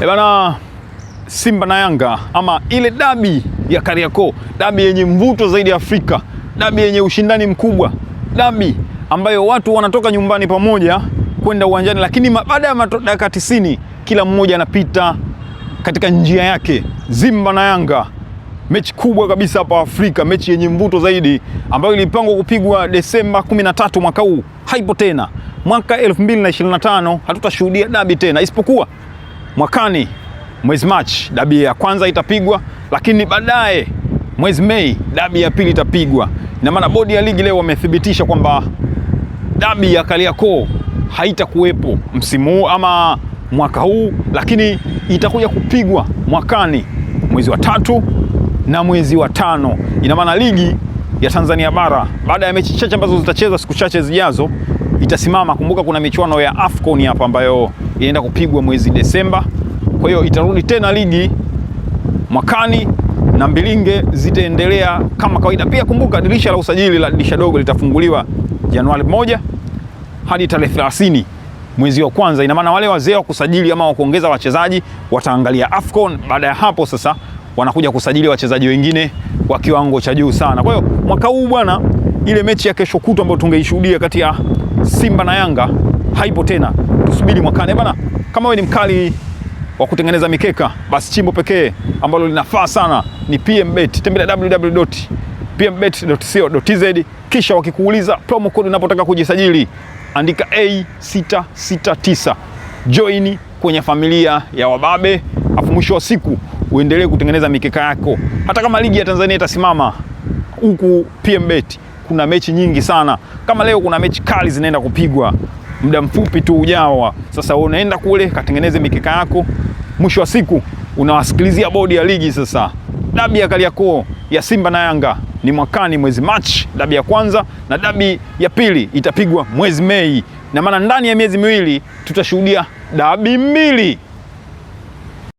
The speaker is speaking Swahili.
Eh, bana Simba na Yanga ama ile dabi ya Kariakoo, dabi yenye mvuto zaidi Afrika, dabi yenye ushindani mkubwa, dabi ambayo watu wanatoka nyumbani pamoja kwenda uwanjani, lakini baada ya dakika tisini kila mmoja anapita katika njia yake. Simba na Yanga, mechi kubwa kabisa hapa Afrika, mechi yenye mvuto zaidi ambayo ilipangwa kupigwa Desemba 13 mwaka huu, haipo tena. Mwaka 2025 hatutashuhudia dabi tena, isipokuwa mwakani mwezi Machi dabi ya kwanza itapigwa, lakini baadaye mwezi Mei dabi ya pili itapigwa. Ina maana bodi ya ligi leo wamethibitisha kwamba dabi ya Kariakoo haitakuwepo msimu huu ama mwaka huu, lakini itakuja kupigwa mwakani mwezi wa tatu na mwezi wa tano. Ina maana ligi ya Tanzania bara baada ya mechi chache ambazo zitacheza siku chache zijazo itasimama. Kumbuka kuna michuano ya AFCON hapa ambayo inaenda kupigwa mwezi Desemba. Kwa hiyo itarudi tena ligi mwakani na Mbilinge zitaendelea kama kawaida. Pia kumbuka dirisha la usajili la dirisha dogo litafunguliwa Januari moja hadi tarehe 30 mwezi wa kwanza. Ina maana wale wazee wa kusajili ama wa kuongeza wachezaji wataangalia Afcon. Baada ya hapo sasa wanakuja kusajili wachezaji wengine kwa kiwango cha juu sana. Kwa hiyo mwaka huu bwana, ile mechi ya kesho kutwa ambayo tungeishuhudia kati ya Simba na Yanga haipo tena kusubiri mwakane bana. Kama wewe ni mkali wa kutengeneza mikeka, basi chimbo pekee ambalo linafaa sana ni PMBet. Tembelea www.pmbet.co.tz, kisha wakikuuliza promo code unapotaka kujisajili, andika A669 join kwenye familia ya wababe, afu mwisho wa siku uendelee kutengeneza mikeka yako. Hata kama ligi ya Tanzania itasimama, huku PMBet kuna mechi nyingi sana. Kama leo kuna mechi kali zinaenda kupigwa, muda mfupi tu ujao. Sasa unaenda kule katengeneze mikeka yako, mwisho wa siku unawasikilizia bodi ya ligi. Sasa dabi ya Kariakoo ya Simba na Yanga ni mwakani mwezi Machi, dabi ya kwanza, na dabi ya pili itapigwa mwezi Mei, na maana ndani ya miezi miwili tutashuhudia dabi mbili.